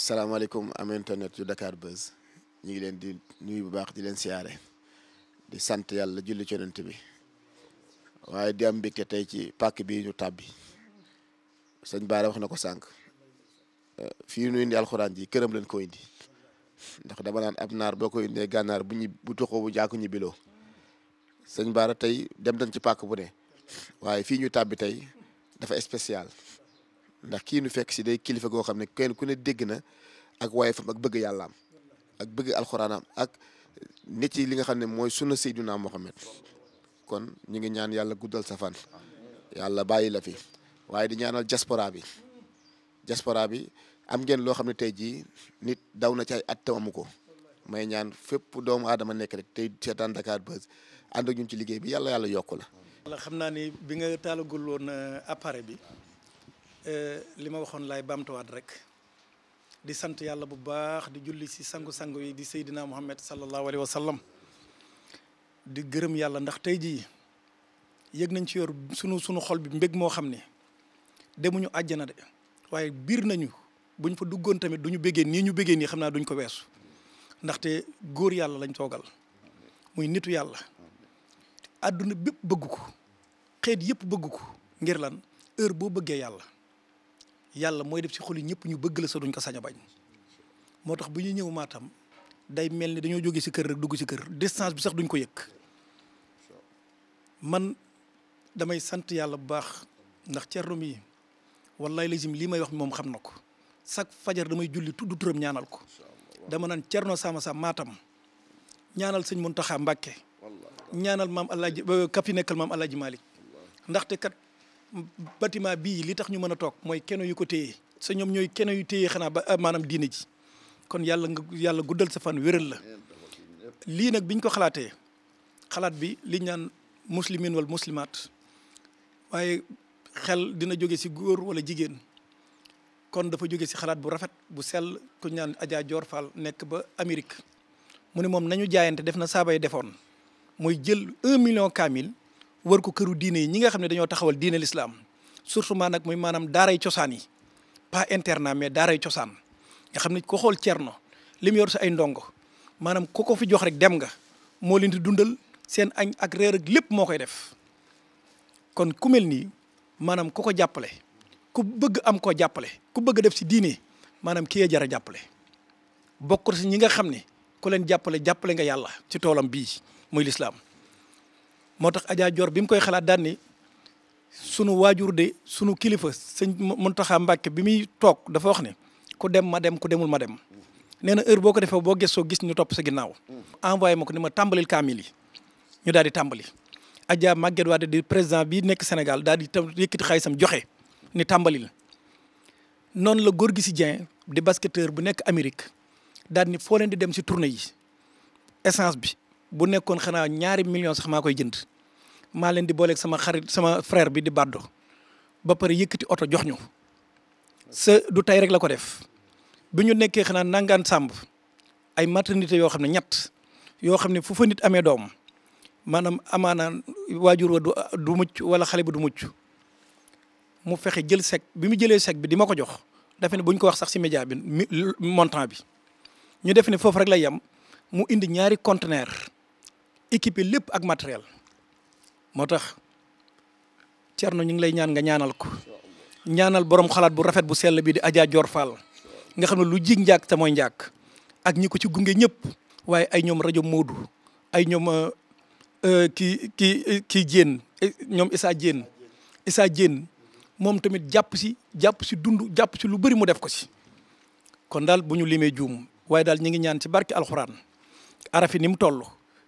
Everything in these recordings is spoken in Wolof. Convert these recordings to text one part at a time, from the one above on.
salaamaaleykum am internet yu Dakar Buzz ñu ngi leen di nuy bu baax di leen siyaare di sant yàlla julli ci yonent bi waaye di am mbégte tey ci pàkk bi ñu tàbbi sëñ Baara wax na ko sànq euh, fii nu indi alxuraan ji këram leen ko indi ndax dama naan ab naar boo ko indee gànnaar bu ñu bu toxoo bu jaaku ñu biloo sëñ Baara tey dem dañ ci pàkk bu ne waaye fii ñu tàbbi tey dafa spécial ndax kii nu fekk si day kilifa goo xam ne kenn ku ne dégg na ak waaye fam ak bëgg yàllaam ak bëgg alxuraanaam ak nit yi li nga xam ne mooy sunna Seydina Mohamed kon ñu ngi ñaan yàlla guddal sa yàlla bàyyi la fi waaye di ñaanal diaspora bi diaspora bi am ngeen loo xam ne tey ji nit daw na ci ay at amu ko may ñaan fépp doomu aadama nekk rek tey seetaan Dakar Buzz ànd ak ñun ci liggéey bi yàlla yàlla yokk la. xam naa ni bi nga taalagul woon euh, appareil bi. Euh, li ma waxoon laay baamtuwaat rek di sant yàlla bu baax di julli ci sangu-sangu yi di Seydina Muhammad sallallahu alayhi wa sallam di gërëm yàlla ndax tey jii yëg nañ ci yor sunu sunu xol bi mbég moo xam ne demuñu àjjana de waaye biir nañu buñ fa duggoon tamit du ñu béggee nii ñu béggee nii xam naa duñ ko weesu ndaxte góor yàlla lañ toogal muy nitu yàlla àdduna bépp bëgg ko xeet yëpp bëgg ko ngir lan heure boo bëggee yàlla yàlla mooy def si xol yi ñëpp ñu bëgg la sa duñ ko sañ a bañ moo tax bu ñu ñëw maatam day mel ni dañoo jóge si kër rek dugg ci kër distance bi sax duñ ko yëg man damay sant yàlla bu baax ndax Thierno mi wallaay lazim lii may wax moom xam na ko chaque fajar damay julli tudd turam ñaanal ko dama naan Thierno Sama Sama maatam ñaanal sëñ taxa Mbacké ñaanal maam El euh, Hadj kafi nekkal maam El Hadj ndaxte kat. bâtiment bii li tax ñu mën a toog mooy keno yu ko téye sa ñoom ñooy keno yu téye xanaa ba ah, maanaam diine ji kon yàlla nga yàlla guddal sa fan wéral la lii nag biñ ko xalaatee xalaat bi liñ naan muslimin wal muslimaat waaye xel dina jóge si góor wala jigéen kon dafa jóge si xalaat bu rafet bu sell ku naan Adja Dior Fall nekk ba Amérique mu ne moom nañu jaayante def na yi defoon mooy jël un million kaamil war ko këru diine yi ñi nga xam ne dañoo taxawal diine lislaam surtout maa nag muy maanaam daaray cosaan yi pas internat mais daaray cosaan nga xam ne ko xool cerno li mu yor si ay ndongo maanaam ko ko fi jox rek dem nga moo leen di dundal seen añ ak reer lépp moo koy def kon ku mel nii maanaam ku ko jàppale ku bëgg am koo jàppale ku bëgg def si diine maanaam kii a jàppale bokk si ñi nga xam ne ku leen jàppale jàppale nga yàlla ci toolam bii muy lislaam moo tax Adja Dior bi mu koy xalaat daan ni sunu waajur de sunu kilifa sëñ Muntaxa Mbàkke bi muy toog dafa wax ne ku dem ma dem ku demul ma dem nee na heure boo ko defee boo gëstoo gis ñu topp sa ginnaaw. envoyé ma ko ni ma tàmbalil kaamil yi ñu daal di tàmbali. ajaa Maguette Wade di président bi nekk Sénégal daal di tam yëkkati xaalisam joxe ni tàmbalil noonu la Gorgui Sy Dieng di basketteur bu nekk Amérique daal ni fooleen di dem si tournée yi essence bi bu nekkoon xanaa ñaari million sax maa koy jënd. maa leen di booleeg sama xarit sama frère bi di baddo ba pare yëkkati oto jox ñu sa du tey rek la ko def bi ñu nekkee xanaa nangaan sàmb ay maternité yoo xam ne ñett yoo xam ne fu fa amee doom maanaam amaana waajur wa du mucc wala xale bi du mucc mu fexe jël sec bi mu jëlee sec bi di ma ko jox defe ne buñ ko wax sax si média bi montant bi ñu def ne foofu rek lay yem mu indi ñaari conteneur équipé lépp ak matériel moo tax Thierno ñu ngi lay ñaan nga ñaanal ko ñaanal boroom xalaat bu rafet bu sell bi di Adja Dior Fall nga xam ne lu jig njàkk te mooy njàkk ak ñi ko ci gunge ñëpp waaye ay ñoom rajo Moodu ay ñoom euh, euh, ki ki kii Diène e, ñoom Issa Diène Issa Diène moom tamit jàpp si jàpp si dund jàpp si lu bëri mu def ko si kon daal bu ñu limee juum waaye daal ñu ngi ñaan ci barke alxuraan arafi ni mu toll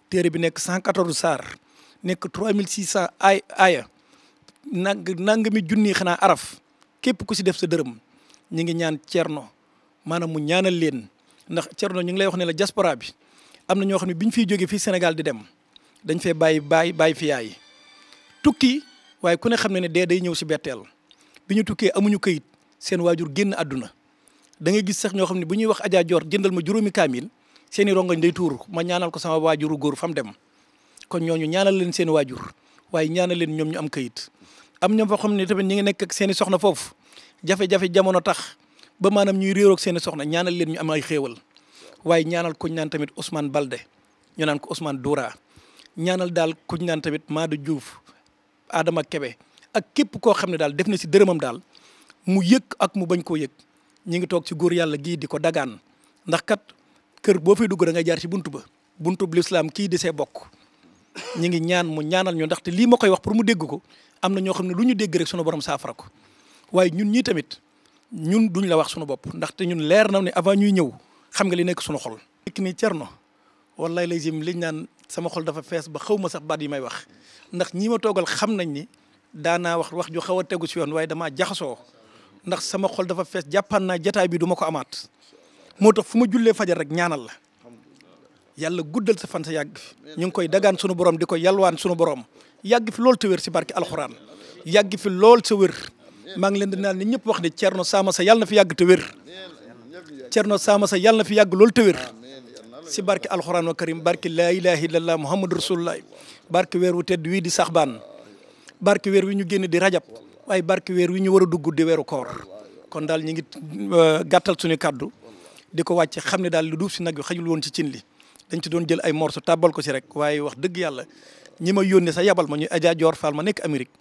téere bi nekk 114 saar nekk 3600 ay aaya nang nangami junni xanaa araf képp ku si def sa dërëm ñu ngi ñaan cerno maanaam mu ñaanal leen ndax cerno ñu ngi lay wax ne la diaspora bi am na ñoo xam ne bi ñu fiy jógee fii Sénégal di dem dañ fee bàyyi bàyyi bàyyi fi yaay tukki waaye ku ne xam ne ne dee day ñëw si betteel bi ñu tukkee amuñu kayit seen waajur génn adduna da ngay gis sax ñoo xam ne bu ñuy wax Adja jëndal ma juróomi kaamil seen i rongoñ day tuur ma ñaanal ko sama waajuru góor fam dem kon ñooñu ñaanal leen seen waajur waaye ñaanal leen ñoom ñu am kayit am ñoom foo xam ne tamit ñu ngi nekk ak seen soxna foofu jafe-jafe jamono tax ba maanaam ñuy réeroog seen soxna ñaanal leen ñu am ay xéewal waaye ñaanal kuñ naan tamit Ousmane Balde ñu naan ko Ousmane Doura ñaanal daal kuñ naan tamit Madou juuf Adama Kebe ak képp koo xam ne daal def na si dërëmam daal mu yëg ak mu bañ koo yëg ñu ngi toog si góor yàlla gii di ko dagaan ndax kat kër boo fay dugg da ngay jaar ci buntu ba buntu bu kii di see bokk ñu ngi ñaan mu ñaanal ñu ndaxte lii ma koy wax pour mu dégg ko am na ñoo xam ne lu ñu dégg rek sunu borom saafara ko waaye ñun ñii tamit ñun duñ la wax sunu bopp ndaxte ñun leer na ne avant ñuy ñëw xam nga li nekk sunu xol. nekk nii cerno wallaay lay jëm liñ naan sama xol dafa fees ba xaw ma sax baat yi may wax ndax ñi ma toogal xam nañ ni daanaa wax wax ju xaw a tegu si yoon waaye damaa jaxasoo ndax sama xol dafa fees jàppaan naa jataay bi du ma ko amaat moo tax fu ma jullee fajal rek ñaanal la. yàlla guddal sa fan sa yàgg fi ñu ngi koy dagaan sunu borom di ko yalwaan sunu borom yàgg fi lool te wér si barke alxuraan yàgg fi lool sa wér maa ngi leen di naan ni ñëpp wax ne Thierno Samassa sa na fi yàgg te wér Thierno Samassa yàlla na fi yàgg lool ta wér si barke alxuraan wa karim barke laa ilaha illallah muhammadu rasulullah barke weer wu tedd wii di saxbaan barke weer wi ñu génn di rajab waaye barke weer wi ñu war a dugg di weeru koor kon daal ñu ngi euh, gàttal suñu kàddu di ko wàcce xam ne daal lu duuf si nag yu woon ci cin li dañ ci doon jël ay morceau taabal ko si rek waaye wax dëgg yàlla ñi ma yónnee sa yabal ma ñuy Adja Dior Fall ma nekk Amérique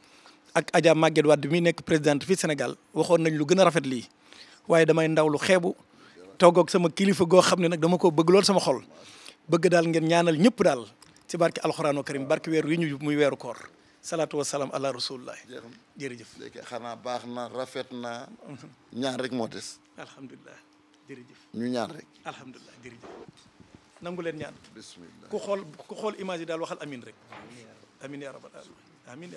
ak ajaa Maguette Wade mi nekk présidente fii Sénégal waxoon nañ lu gën a rafet lii waaye damay ndaw lu xeebu toog sama kilifa goo xam ne nag dama koo bëgg lool sama xol bëgg daal ngeen ñaanal ñëpp daal ci barke alxuraanu karim barke weer wi ñu muy weeru koor salaatu wa salaam ala rasulillah. jërëjëf jërëjëf xanaa baax na rafet na ñaan rek moo des. alhamdulilah jërëjëf ñu ñaan rek. alhamdulilah nangu leen ñaan bismillah ku xool ku xool image yi daal waxal amin rek amin ya rabbal alamin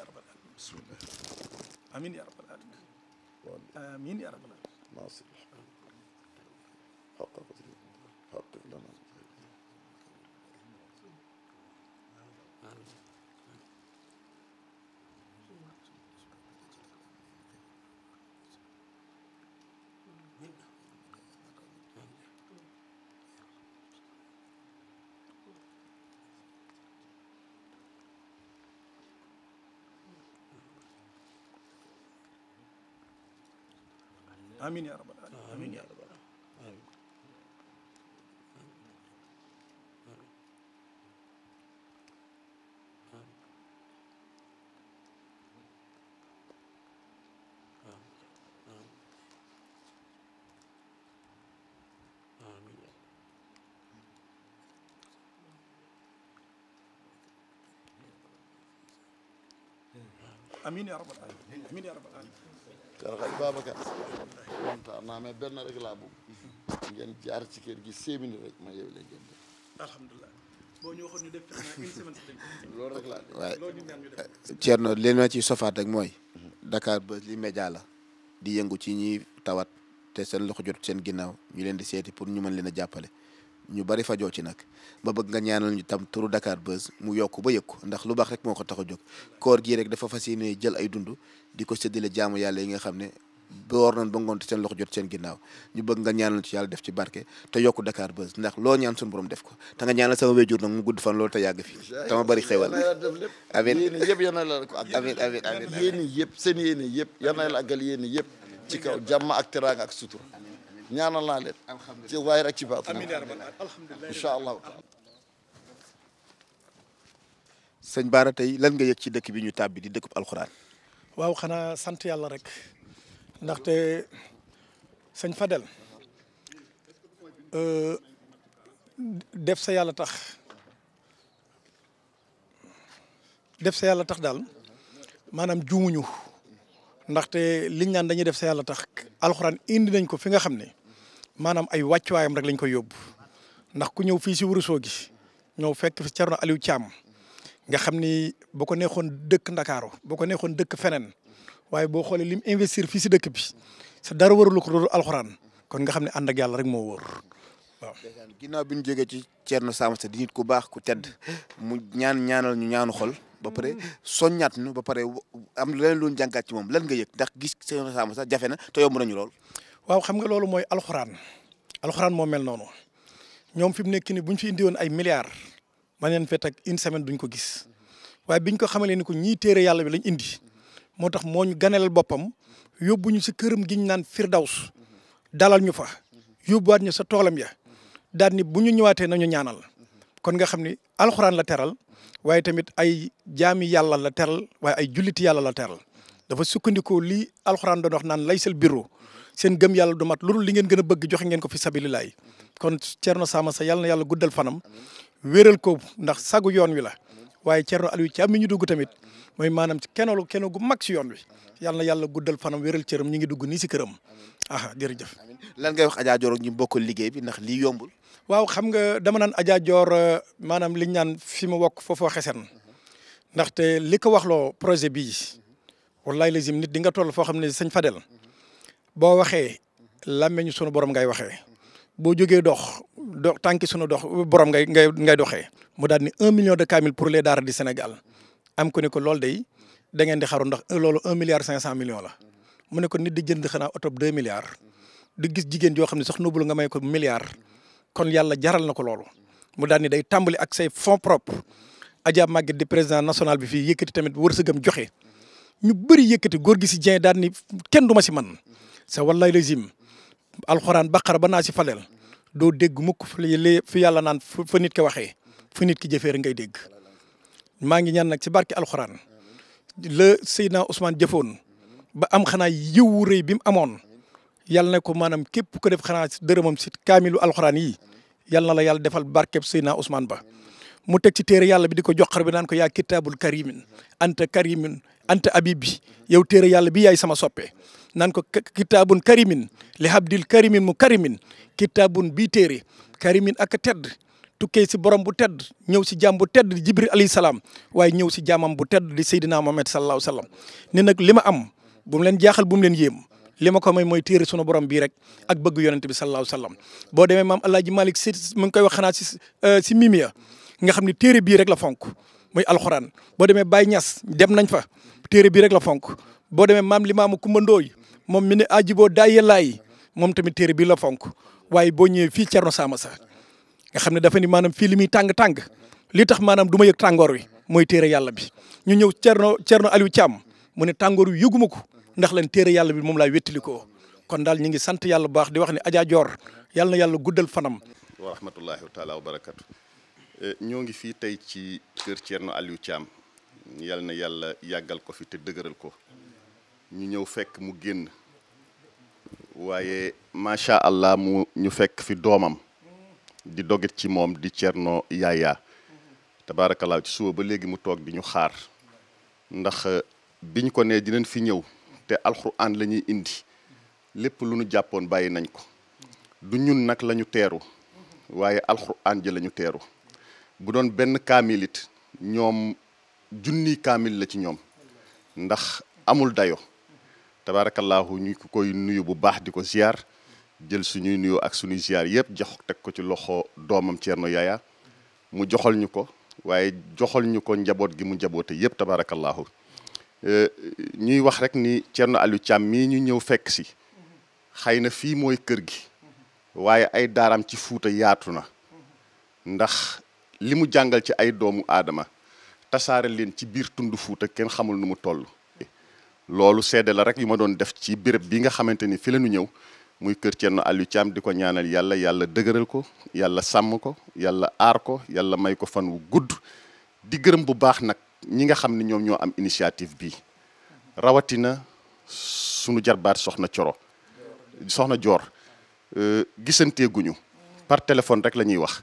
amiin yaa rabbal aalamiin amiin yaa rabbal aalamiin amiin yaa rabbal aalamiin amiin yaa rabbal aalamiin kër xaj Babacar kontaan naa mais ci kër gi cinq minutes rek ma yeewi leen ngeen euh, ci sofaat rek mooy Dakar ba li média la di yëngu ci ñi tawaat te seen loxo jot seen ginnaaw ñu leen di seeti pour ñu mën leen a jàppale ñu bari fajoo ci nag ba bëgg nga ñaanal ñu tam turu Dakar Buzz mu yokk ba yëg ko ndax lu baax rek moo ko tax a jóg koor gi rek dafa fas ne jël ay dund di ko séddale jaamu yàlla yi nga xam ne boor nañ ba ngoon te seen loxo jot seen ginnaaw ñu bëgg nga ñaanal ci yàlla def ci barke te yokk dakaar Buzz ndax loo ñaan suñu borom def ko te nga ñaanal sama wéjur nag mu gudd fan loolu te yàgg fi tama bari xewal amin yëpp yal na la ko amin amin amin yéen yëpp seen yéen yëpp yal na la àggal yéen yëpp ci kaw jàmm ak teraanga ak sutura ñaanal naa leen ci waayir ci baat incha allahu taala Baara tey lan nga yëg ci dëkk bi ñu tàbbi di dëkkub alxuraan waaw xanaa sant yàlla rek ndaxte sëñ Fadel euh, def sa yàlla tax def sa yàlla tax daal maanaam juumuñu ndaxte liñ naan dañuy def sa yàlla tax alxuraan indi nañ ko fi nga xam ne maanaam ay wàccuwaayam rek lañ koy yóbbu ndax ku ñëw fii si wurusoo gi ñëw fekk fi Thierno Aliou Thiam nga xam ni bu ko neexoon dëkk Ndakaaru bu ko neexoon dëkk feneen waaye boo xoolee lim investir fii si dëkk bi sa dara warul ko doon alxuraan kon nga xam ne ànd ak yàlla rek moo wóor. waaw ginnaaw bi ñu jógee ci Thierno Samb di nit ku baax ku tedd mu ñaan ñaanal ñu ñaanu xol ba pare mm. soññaat ñu ba pare am leneen lu ñu ci moom lan nga yëg ndax gis seen saama sax jafe na te yomb nañu lool. waaw xam nga loolu mooy alxuraan alxuraan moo mel noonu ñoom fi mu nekk nii bu ñu fi indi woon ay milliards man leen fee teg une semaine duñ ko gis waaye biñ ko xamalee ni ko ñii téere yàlla bi lañ indi moo tax moo ñu ganaleel boppam yóbbu ñu si këram gi ñu naan firdaws dalal ñu fa yóbbuwaat ñu sa toolam ya daal ni bu ñu ñëwaatee nañu ñaanal alxuraan la teral waaye tamit ay jaami yàlla la teral waaye ay julliti yàlla la teral dafa sukkandiku lii alxuraan doon wax naan lay sel bureau seen gëm yàlla du mat lu dul li ngeen gën a bëgg joxe ngeen ko fi sabilillaay kon Thierno Samassa yàlla na yàlla guddal fanam wéeral ko ndax sagu yoon wi la waaye Thierno Aliou Thiam mi ñu dugg tamit mooy maanaam ci kenolu keno gu mag si yoon wi yàlla yàlla guddal fanam wéeral cëram ñu ngi dugg nii si këram ah jërëjëf lan ngay wax Adja Dior ñu bokk liggéey bi ndax lii yombul. waw xam nga dama naan Adja Dior euh, maanaam liñ naan fi mu wokk foofoo xesen ndaxte li ko waxloo projet bi wallaay lazim nit di nga toll foo xam ne sëñ Fadel boo waxee làmmeñu sunu borom ngay waxee boo jógee dox do tànki sunu dox borom ngay ngay ngay doxee. mu daal ni un million de kaamil pour les daara di Sénégal am ko ne ko loolu day da ngeen di xaru ndax loolu un milliard cinq cent million la. mu ne ko nit di jënd xanaa oto deux milliards di gis jigéen joo xam ne sax nobul nga may ko milliard kon yàlla jaral na ko loolu mu daal ni day tàmbali ak say fon propres Adja Maguette di président national bi fii yëkkati tamit war wërsëgam joxe ñu bëri yëkkati góor gi si Dieng daal kenn du ma si man sa wallaay lazim alxuraan baqara ba naa si faleel doo dégg mukk fi yàlla naan fa nit ki waxee fa nit ki jëfee rek ngay dégg maa ngi ñaan nag ci barke alxuraan la Seydina Ousmane jëfoon ba am xanaa yiwu rëy bi mu amoon yal na ko maanaam képp ko def xanaa dërëmam si kaamilu alxuraan yi yal na la yàlla defal barkeb naa Ousmane Ba mu teg ci téere yàlla bi di ko joxar bi naan ko yaa kitaabul karimin anta karimin anta abib bi yow téere yàlla bi yaay sama soppe naan ko kitaabun karimin li habdil karimin mu karimin kitaabun bi téere karimin ak tedd tukkee si borom bu tedd ñëw si jaam bu tedd di jibril alayhi salaam waaye ñëw si jaamam bu tedd di seydina Muhammad sallallahu sallam ne nag li ma am bu mu leen jaaxal bu mu leen yéem li ma ko may mooy téere sunu borom bii rek ak bëgg yonent bi sallallahu alayhi wa sallam boo demee maam El Hadj Malick si mu ngi koy wax xanaa si euh, si mimia nga xam ne téere bii rek la fonk mooy alxuraan boo demee Baye ñas dem nañ fa téere bii rek la fonk boo demee maam Limaamu Kumba Ndooy moom mun ne ajiboo daay yàllaay moom tamit téere bii la fonk waaye boo ñëwee fii Thierno Sama Sa nga xam ne dafa ni maanaam fii li muy tàng-tàng li tax maanaam du ma yëg tàngoor wi mooy téere yàlla bi ñu ñëw Thierno Thierno Aliou Thiam mu ne tàngoor wi yëguma ko ndax lan téere yàlla bi moom laay wéttali ko kon daal ñu ngi sant yàlla bu baax di wax ne Adja Dior yàlla na yàlla guddal fanam. wa rahmatullahi wa taala eh, ñoo ngi fii tey ci kër Thierno Aliou Thiam yàlla na yàlla yàggal ko fi te dëgëral ko ñu ñëw fekk mu génn waaye macha allah mu ñu fekk fi doomam di dogit ci moom di Thierno Yaaya tabaarakalaa ci suba ba léegi mu toog di ñu xaar ndax eh, biñ ko nee dinañ fi ñëw. te alxuraan la ñuy indi lépp lu ñu jàppoon bàyyi nañ ko du ñun nag lañu teeru waaye alxuraan ji lañu ñu teeru bu doon benn kaamilit ñoom junni kaamil la ci ñoom ndax amul dayo tabaarakallaahu ñu koy nuyu bu baax di ko ziar jël suñuy nuyoo ak suñuy ziar yëpp jox teg ko ci loxo doomam Thierno Yaya mu joxal ñu ko waaye joxal ñu ko njaboot gi mu njaboote yëpp tabaarakallaahu Euh, ñuy wax rek ni Thierno Aliou Thiam mi ñu ñëw fekk si xëy na fii mooy kër gi waaye ay daaram ci Fuuta yaatu na ndax li mu jàngal ci ay doomu aadama tasaare leen ci biir tund Fuuta kenn xamul nu mu toll loolu seede la rek yu ma doon def ci béréb bi nga xamante ni fi la ñëw muy kër Thierno Aliou Thiam di ko ñaanal yàlla yàlla dëgëral ko yàlla sàmm ko yàlla aar ko yàlla may ko fan wu gudd di gërëm bu baax nag ñi nga xam ne ñoom ñoo am initiative bi rawatina sunu jarbaat soxna Coro soxna Joor euh, gisanteeguñu par téléphone rek la ñuy wax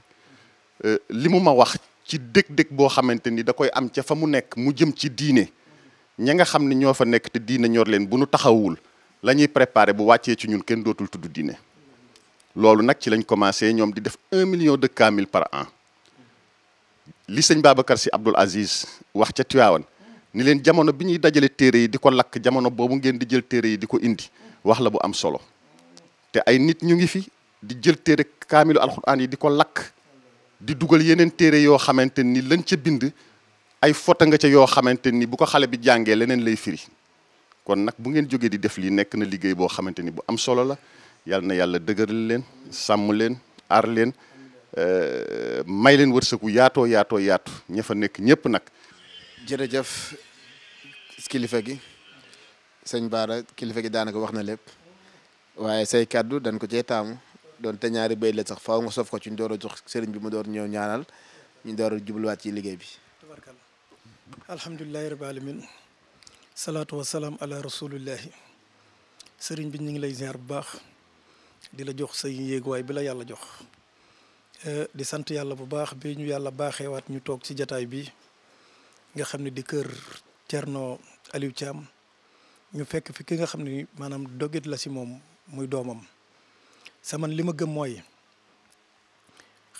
euh, li mu ma wax ci dëg-dëg boo xamante ni da koy am ca fa mu nekk mu jëm ci diine ña nga xam ni ñoo fa nekk te diine ñor leen bu nu taxawul la ñuy préparé bu wàccee ci ñun kenn dootul tudd diine loolu nag ci lañ commencé ñoom di def un million de mille par an li sëñ Babacar si Abdoul Aziz wax ca Tiwaawan ni leen jamono bi ñuy dajale téere yi di ko lakk jamono boobu ngeen di jël téere yi di ko indi wax la bu am solo te ay nit ñu ngi fi di jël téere kaamilu alxuraan yi di ko lakk di dugal yeneen téere yoo xamante ni lañ ca bind ay fota nga ca yoo xamante ni bu ko xale bi jàngee leneen lay firi kon nag bu ngeen jógee di def lii nekk na liggéey boo xamante ni bu am solo la yal na yàlla dëgëral leen sàmm leen aar leen Euh, may leen wërsëgu yaatoo yaatoo yaatu ña nekk ñëpp nag. jërëjëf kilifa gi sëñ Baara kilifa gi daanaka wax na lépp waaye say kàddu dañ ko cee taamu doon te ñaari béy la sax faaw nga sof ko ci ñu door a jox sëriñ bi mu door ñëw ñaanal ñu door a ci liggéey bi. tabarkallah salaam ala rasulillahi bi ñu ngi lay ziar bu baax di la jox say yéeguwaay bi la yàlla jox. Eh, di sant yàlla bu baax bi ñu yàlla baaxeewaat ñu toog ci jataay bi nga xam ne di kër Thierno Aliou Thiam ñu fekk fi ki nga xam ni maanaam dogit la si moom muy doomam saman li ma gëm mooy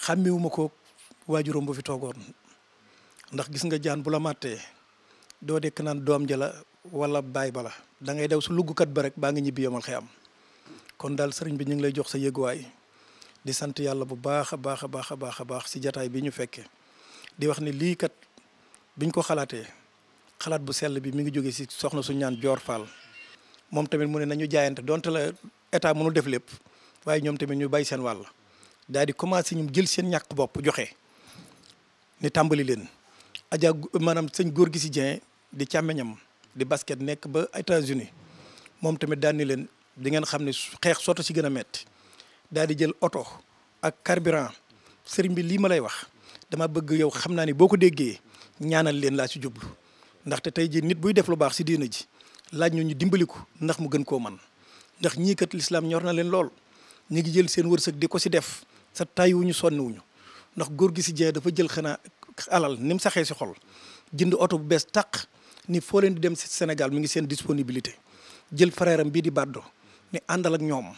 xàmmiwuma ko waajuram bu fi toogoon ndax gis nga jaan bu la màttee doo dekk naan doom jala la wala baay ba la da ngay daw su luggukat ba rek baa ngi ñibbi yomal xëy am kon daal sëriñ bi ñu ngi lay jox sa yëguwaay di sant yàlla bu baax a baax a baax a baax a baax si jataay bi ñu fekkee di wax ni lii kat biñ ko xalaatee xalaat bu sell bi mi ngi jóge si soxna suñ ñaan joor Fall moom tamit mu ne na ñu jaayante donte la état mënul def lépp waaye ñoom tamit ñu bay seen wàll daal di commencé ñu jël seen ñàkk bopp joxe ni tàmbali leen. Adja maanaam sëñ góor gi si Dieng di càmmeñam di basket nekk ba États-Unis moom tamit daan ni leen di ngeen xam ne xeex soto si gën a metti daal di jël oto ak carburant sëriñ bi lii ma lay wax dama bëgg yow xam naa ni boo ko déggee ñaanal leen laa ci jublu ndaxte tey ji nit buy def lu baax si diina ji laaj ñu ñu dimbali ko ndax mu gën koo man ndax ñii kat lislaam ñor na leen lool ñu ngi jël seen wërsëg di ko si def sa tay wuñu sonn wuñu ndax góor gi si jeex dafa jël xanaa alal ni mu saxee si xol jënd oto bu bees tàq ni foo leen di dem ci Sénégal mi ngi seen disponibilité jël frère bii di baddo ni àndal ak ñoom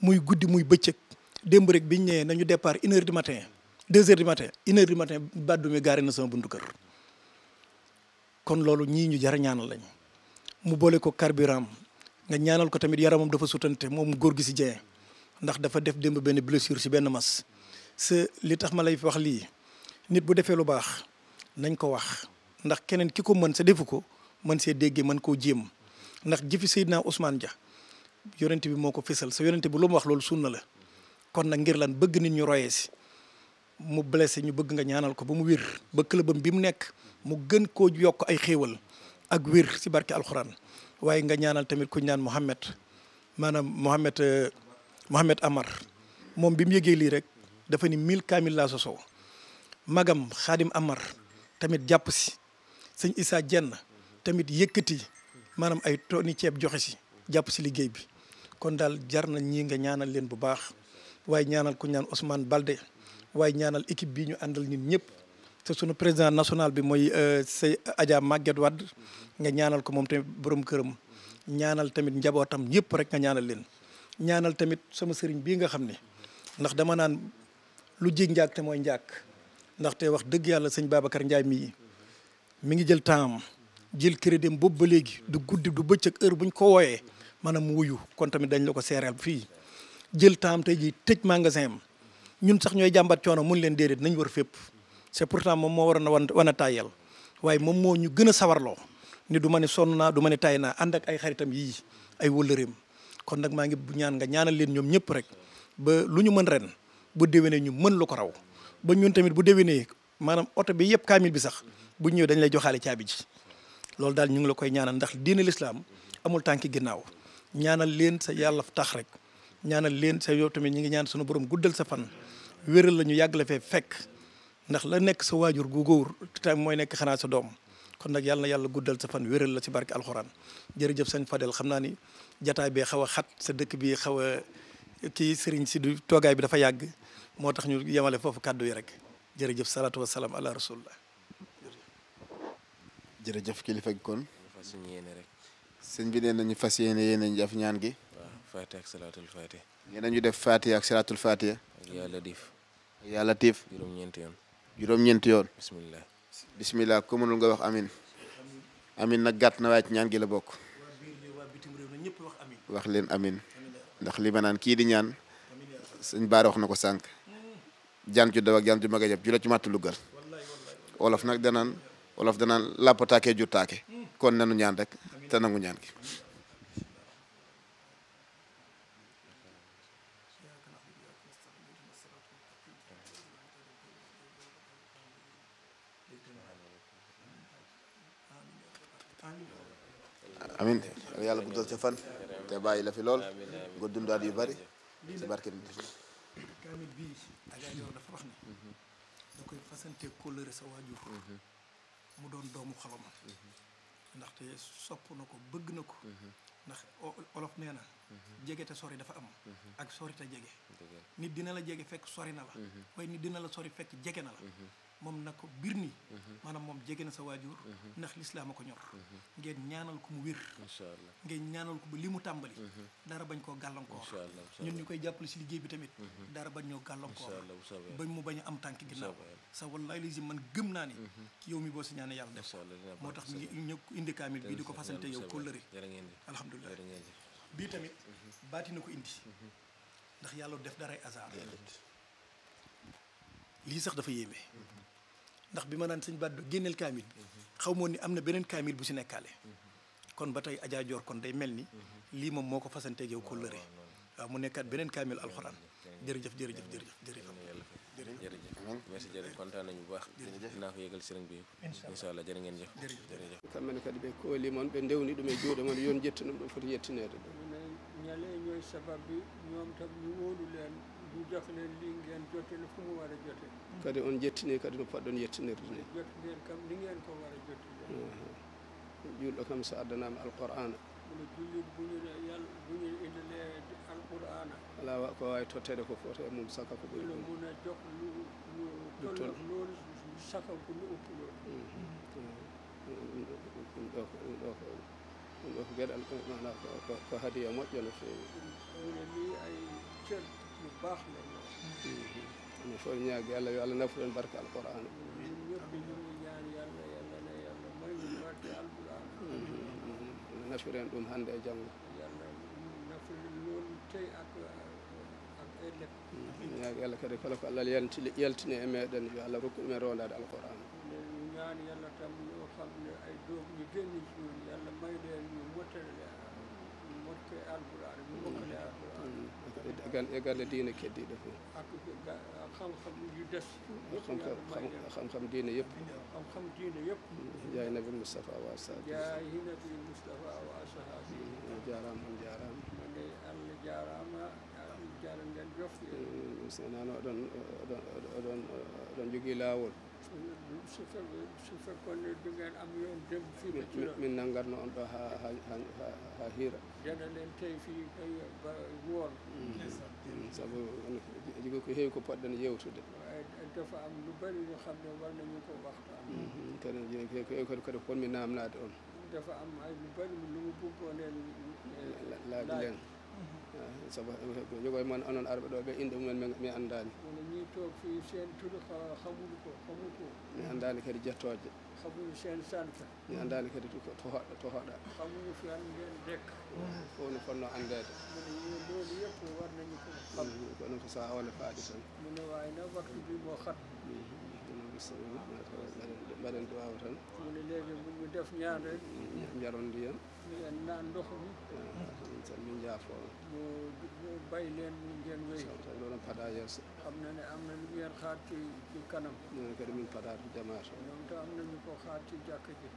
muy guddi muy bëccëg démb rek biñ ñëwee nañu départ une heure matin deux heures du matin une heure du matin baddu mi gaare na sama buntu kër kon loolu ñii ñu jar lañ mu boole ko carburant nga ñaanal ko tamit yaramam dafa sutante moom góor gi si Dieng ndax dafa def démb benn blessure si benn mas sa li tax ma lay wax lii nit bu defee lu baax nañ ko wax ndax keneen ki ko mën sa defu ko mën see déggee mën koo jéem ndax jëfi Seydina Ousmane Dia yonent bi moo ko fisal sa yonent bi lu mu wax loolu sunna la kon nag ngir lan bëgg nit ñu royee si mu blessé ñu bëgg nga ñaanal ko ba mu wér ba clubam bi mu nekk mu gën koo yokk ay xéewal ak wiir si barke alxuraan waaye nga ñaanal tamit ku ñaan Mohamed maanaam Mohamed euh, Mohamed Amar moom bi mu yëgee lii rek dafa ni mille kaamil laa sosoo magam xaadim Amar tamit jàpp si sëñ Issa Dieng tamit yëkkati maanaam ay toni ceeb joxe si jàpp si liggéey bi kon daal jar na ñii nga ñaanal leen bu baax waaye ñaanal ku ñaan Ousmane Balde waaye ñaanal équipe bii ñu àndal ñun ñëpp te sunu président national bi mooy euh, say Adja Maguette Wade nga ñaanal ko moom tamit borom këram ñaanal tamit njabootam ñëpp rek nga ñaanal leen ñaanal tamit sama sëriñ bi nga xam ne ndax dama naan lu jig njaag te mooy njaag ndaxte wax dëgg yàlla sëñ Babacar Ndiaye mi mu ngi jël temps jël crédit am boobu ba léegi du guddi du bëccëg heure bu ñu ko wooyee maanaam wuyu kon tamit dañ la ko seereel fii jël temps tey jii tëj magasin am ñun sax ñooy jàmbat coono mun leen déedéet nañ war fépp c'est pourtant moom moo waroon na wan wan a tàyyal waaye moom moo ñu gën a sawarloo ni du ma ne sonn naa du ma ne tay naa ànd ak ay xaritam yii ay wëllëreem kon nag maa ngi ñaan nga ñaanal leen ñoom ñëpp rek ba lu ñu mën ren bu ne ñu mën lu ko raw ba ñun tamit bu déwénee maanaam oto bi yëpp kaamil bi sax bu ñëwee dañ lay joxaale caabi ji loolu daal ñu ngi la koy ñaanal ndax diine lislaam amul tànki ginnaaw ñaanal leen sa yàlla tax rek ñaanal leen sa yow tamit ñi ngi ñaan sunu boroom guddal sa fan wéral la ñu yàgg la fekk ndax la nekk sa waajur gu góor mooy nekk xanaa sa doom kon nag yàlla yàlla guddal sa fan wéral la ci barke alxuraan jërëjëf sëñ Fadel xam naa ni jataay bi xaw a xat sa dëkk bi xaw a kii sëriñ si toogaay bi dafa yàgg moo tax ñu yemale foofu kàddu yi rek jërëjëf salaatu wasalaam ala rasulillah jërëjëf kilifa gi kon fas rek sëñ bi nee nañu fas yéene yéen nañ def ñaan gi waaw fatiha ak salaatul fatiha nee nañu def fatiha ak salaatul fatiha ak yàlla diif ak yàlla tiif juróom-ñeenti yoon juróom-ñeenti yoon mënul nga wax amin amin nag gàtt na waaye ci ñaan gi la bokk wax leen amin ndax li ma naan kii di ñaan sëñ baara wax na ko sànq jaan ju daw ak jaan ju mag a jàpp ci màtt lugal olof nag danaan olof danaan làpp taake jur taake kon nanu ñaan rek te nangu ñaan gi amin yàlla guddal ca fan te bàyyi la fi lool nga dundaat yu bari ci barke bi kaamil bii Alaaji koy fasante kóllëre sa waajur mhm. mu doon doomu xoloma mhm. ndaxte sopp na ko bëgg na ko mhm. ndax olof nee na mhm. jege te sori dafa am mhm. ak sori te jege nit dina la jege fekk sori na la waaye nit dina la sori fekk jege na la moom na ko bir ni mhm. maanaam moom jege na sa waajur mhm. ndax lislaam a ko ñor mhm. ngeen ñaanal ko mu wér inchaallah ngeen ñaanal ko ba li mu tàmbali dara bañ koo gàllankoor ñun ñu koy jàppale si liggéey bi tamit dara bañ ñoo gàllankoor ba mu bañ am tànk ginnaaw sa wallaay lisi man gëm naa ni yow mi boo si ñaanee yàlla def moo tax mi ngi ko indi kaamil bii di ko fasante yow kóllëre alhamdulilah bii tamit baati na ko indi ndax yàlla def daray hasard lii sax dafa yéeme ndax bi ma naan sëñ Badou génneel kaamil bi xaw moon ni am na beneen kaamil bu si nekkaale kon ba tey Adja Dior kon day mel ni lii moom moo ko fasanteeg yow kóllëre waaw mu nekkaat beneen kaamil alxuraan jërëjëf jërëjëf jërëjëf jërëjëf jërëjëf merci jërëjëf kontaan nañu bu baax dinaa ko yëgal sëriñ bi incha allah jërë ngeen jëf jërëjëf kammene kadi ɓe kooli moon ɓe ndewni ɗum e juuɗe moon yon jettanum ɗum foti yettinede ñale ñoy sabab bi ñoom tam ñu wóolu leen jofnirɗi nden jottino fof mo wara jote kadi on jettini kadi no poɗɗon yettinirde ni jottinen kam ni gen ko wara jottide julɗo kam so addanama alqur'ana mino jullit buñira yal ala ko wawi tottede ko foti e mum saka ko ɓuri ɗum muna jok tollol saka ko no uppulol ɗum ko ɗum ɗo ko hadiya moƴƴo no fewi lu baax la ñu fol ñaag yàlla yàlla na fu leen barke alquran ñun ñëpp ñu ngi ñaan yàlla yàlla na yàlla may ñu barke alquran nafiren ɗum hannde e janngo yalla nafiri noon tawi ak ak ëllëg ñaagi allah kadi kala ko allah yalti yaltini e meɗen yo allah rokku ɗumen rondade alqouran ñaan yalla tam yo xam ne ay doom ñu génni jooni yalla may leen ñu mottale moƴƴe alqur'ana mi mokkale alqur'ana mm. e, e galle diine keddiɗo fo kamkam yuddas kamkam diine yepp kamkam diine yepp jeyi mm. nabil moustapha wa sahabi jeyi nabil moustapha wa sahabi on mm. jarama on jarama mone allah jarama jaranden jofte mi sinano oɗon oɗon oɗon jogui lawol so so fekkoon ne du ngeen am yoon dem fii ba ci min nanngatno on ɗo ha hiira jana len tawi fii ba woon sabu jigi ko heewi ko poɗɗen yewtude dafa am lu bari ñu xam ne war nañu ko waxtu am kadi heewi kadi kadi on dafa am ay lu bari lu mu bubbooneen laaj leen saabu jogoye moon onon arɓe ɗo ɓe inde mumen mi anndani wona ni toon fi sen tuɗo ka hamudu ko hamudu ko mi anndani kadi jettoje hamudu sen santa mi kadi to hoɗa hamudu fi anden dekka fof no fonno anndede mine yiwe looli yeppo warnani ko ham kono ko saha ole faaɗi tan mi en jaron ndiyam mi Samson Minjaafoon. mu mu bàyyi leen ngeen wéy. Samson loolu padaa yees. xam na ne am na lu ngeen xaar ci ci kanam. ñooñu kadi min padaa bi démarche. ñoom itam am na ñu ko xaar ci jàkk ji.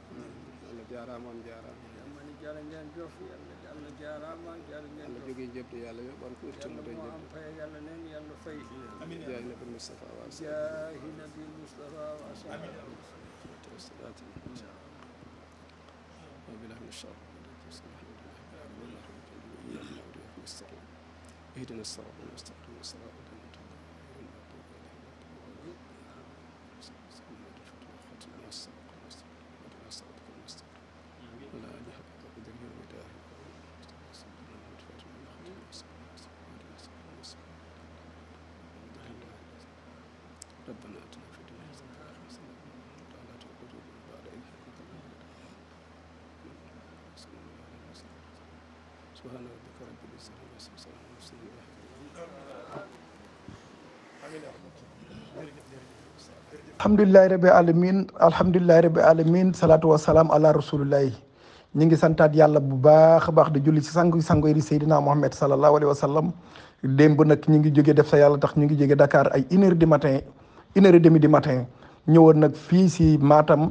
Allah jaaraama on jaaraama. ma ni jara ngeen jof yàlla Allah jaaraama jara ngeen jof. yàlla jógee njëb di yàlla yóbbu ko urtim do njëb. yàlla fay yàlla neen yàlla fay. amiin jaay nabi Mustafa wa sallam. jaahi nabi Mustafa wa sallam. amiin. wa salaatu wa salaam. wa billahi min والحمد والسلام اهدنا الصراط المستقيم الصراط الذي ربنا اتنا في subhaana rabbika rabbil izzati amma yasifuun wa alhamdulillahi rabbil alamin salaatu wa salaam ala rasulillahi ñu ngi santaat yàlla bu baax a baax di julli ci sangu sangu yi Seydina Mohamed sallallahu alayhi wa sallam démb nag ñu ngi jóge def sa yàlla tax ñu ngi jóge Dakar ay une heure du matin une heure et matin ñëwoon nag fii si Matam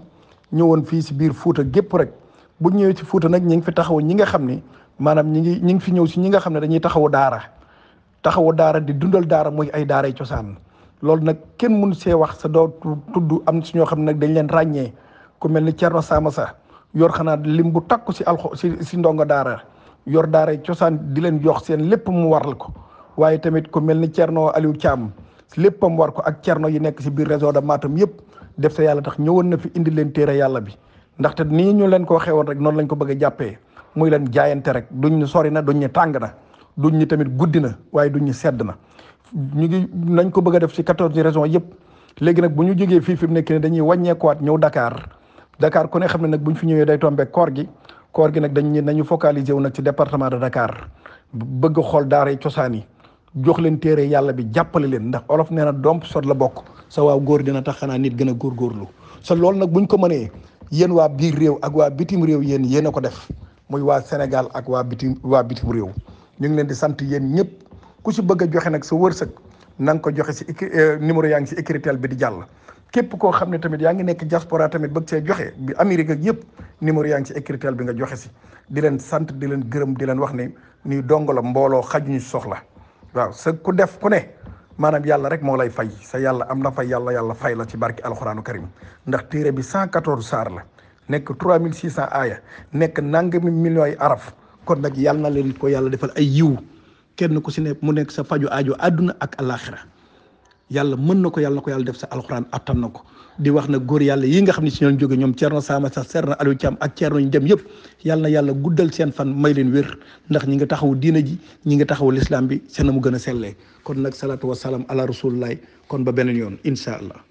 ñëwoon fii si biir Fouta gépp rek bu ñëwee ci Fouta nag ñu ngi fi taxaw ñi nga xam ni maanaam ñi ngi ñi ngi fi ñëw si ñi nga xam ne dañuy taxawu daara taxawu daara di dundal daara mooy ay daaray cosaan loolu nag kenn mun see wax sa doo tudd am si ñoo xam ne nag dañ leen ràññee ku mel ni Thierno Samassa yor xanaa lim bu takku si alxo si si ndongo daara yor daaray cosaan di leen jox seen lépp mu waral ko waaye tamit ku mel ni Thierno Aliou Thiam léppam war ko ak Thierno yi nekk si biir réseau de Matam yëpp def sa yàlla tax ñëwoon na fi indi leen téere yàlla bi ndaxte nii ñu leen ko waxee woon rek noonu lañ ko bëgg a jàppee. muy leen jaayante rek duñ ne sori na duñ ne tàng na duñ ñu tamit guddi na waaye duñ ñu sedd na ñu ngi nañ ko bëgg a def ci quatorze régions yëpp léegi nag bu ñu jógee fii fi mu nekk ne dañuy wàññeekuwaat ñëw dakaar Dakar ku ne xam ne nag bu fi ñëwee day tombé koor gi koor gi nag dañ nañu focaliser wu nag ci département dakaar Dakar bëgg xool daara cosaan yi jox leen téere yàlla bi jàppale leen ndax olof nee na domp sot la bokk sa waaw góor dina tax xanaa nit gën a góorgóorlu sa loolu nag buñ ko mënee yéen waa biir réew ak waa bitim réew yéen yéen a ko def mooy waa Sénégal ak waa bitim waa bitim réew ñu ngi leen di sant yéen ñëpp ku si bëgg a joxe nag sa wërsëg na nga ko joxe si euh, numéro yaa ngi si écritel bi di jàll. képp koo xam ne tamit yaa ngi nekk diaspora tamit bëgg see joxe bi Amérique ak yëpp numéro yaa ngi si écritel bi nga joxe si di leen sant di leen gërëm di leen wax ne nii dong la mbooloo xajuñu soxla waaw sa ku def ku ne. maanaam yàlla rek moo lay fay sa yàlla am na fay yàlla yàlla fay la ci barke alxuraanu karim ndax téere bi 114 saar la nekk 3600 aaya nekk nangami millions yi araf kon nag yàlla na leen ko yàlla defal ay yiw kenn ku si ne mu nekk sa faju ajo àdduna ak alaxira yàlla mën na ko yàlla ko yàlla def sa alxuraan attan na ko di wax na góor yàlla yi nga xam ne si ñoom jóge ñoom Thierno Sama sax Thierno Aliou Thiam ak Thierno ñu dem yëpp yàlla na yàlla guddal seen fan may leen wér ndax ñi nga taxaw diina ji ñi ngi taxaw lislaam bi seen mu gën a sellee kon nag salaatu wasalaam ala rasulillahi kon ba beneen yoon incha allah.